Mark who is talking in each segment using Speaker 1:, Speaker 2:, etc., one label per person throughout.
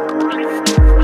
Speaker 1: Thank you.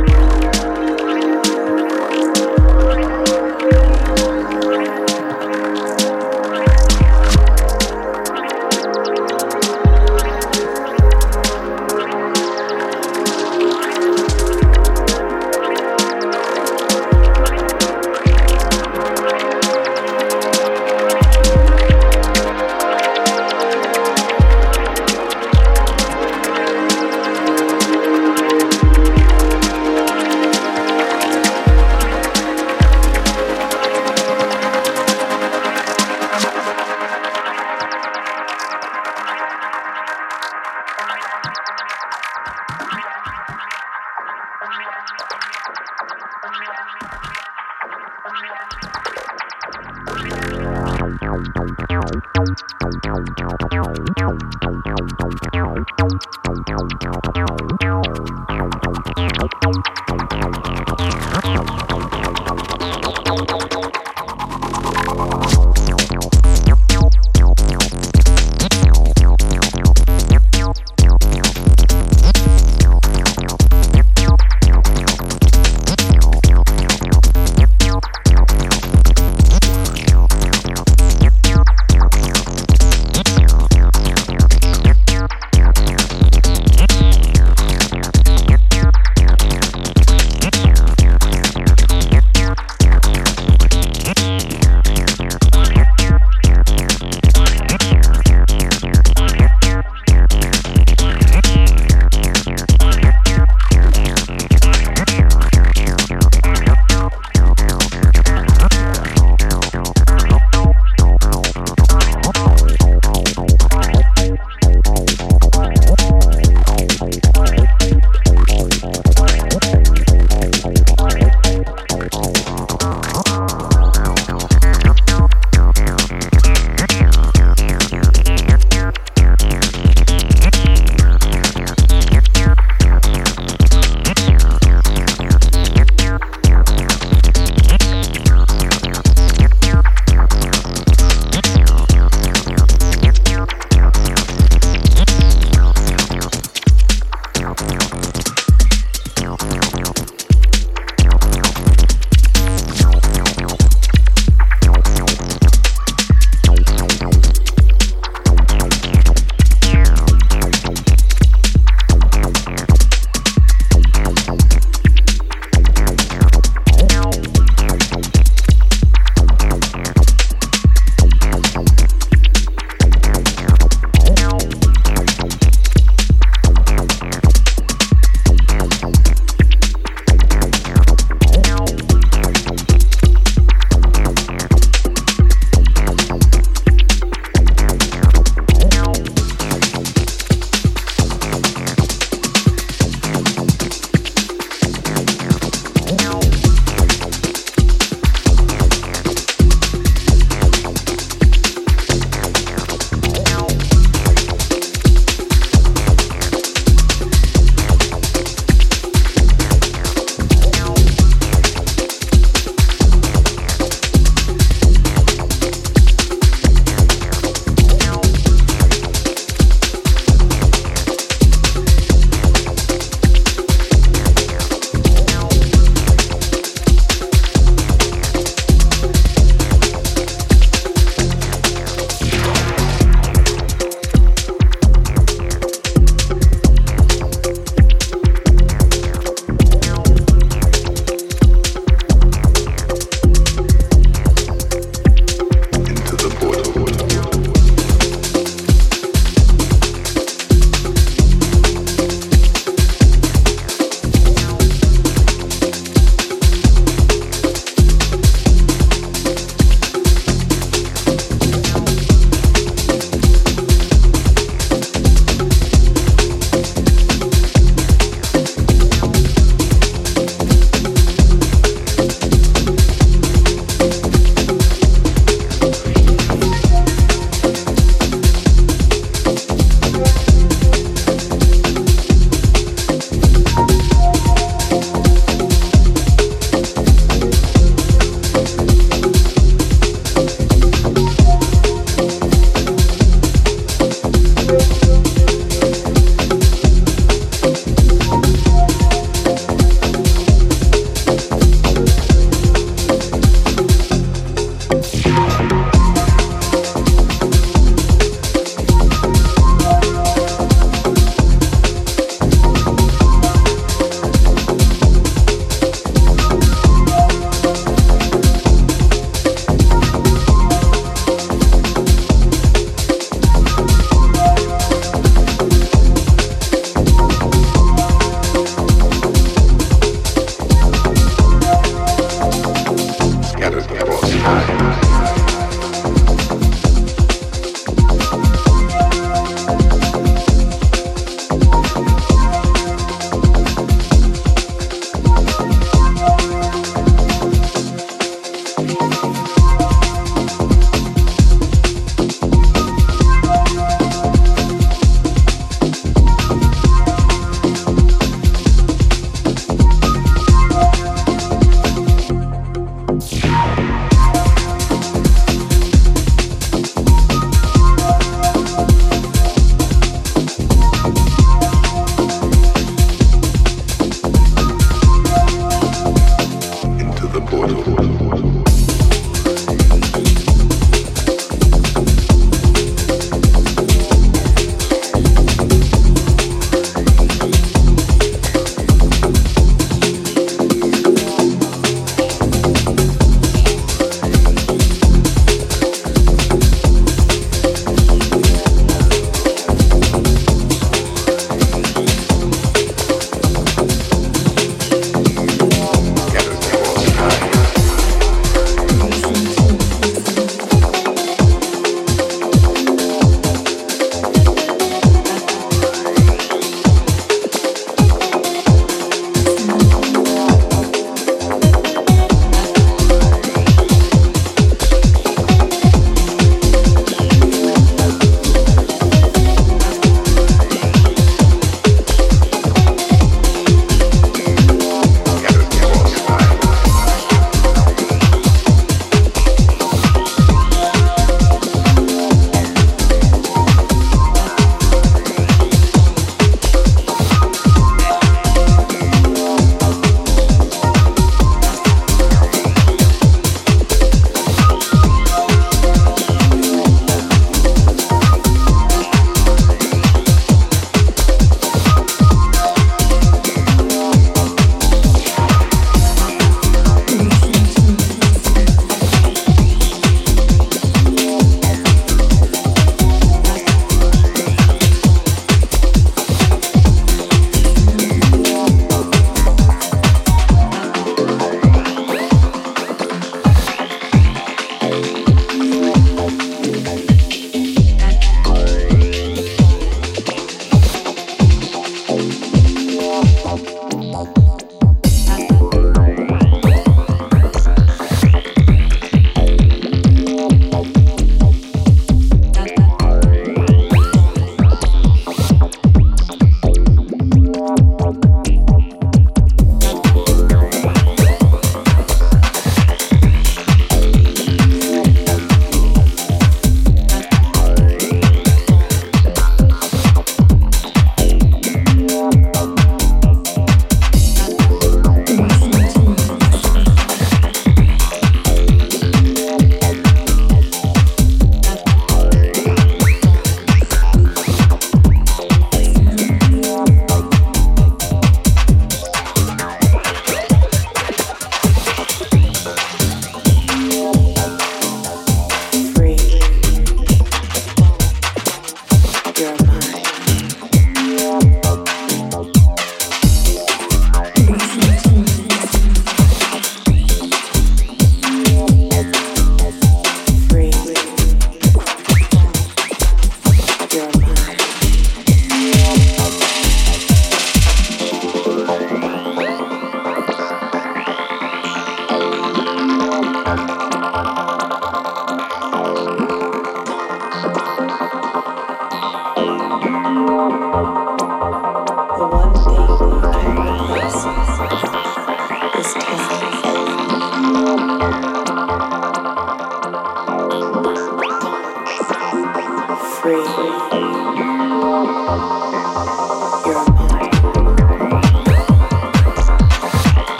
Speaker 1: free.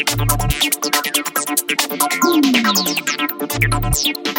Speaker 1: Thank you.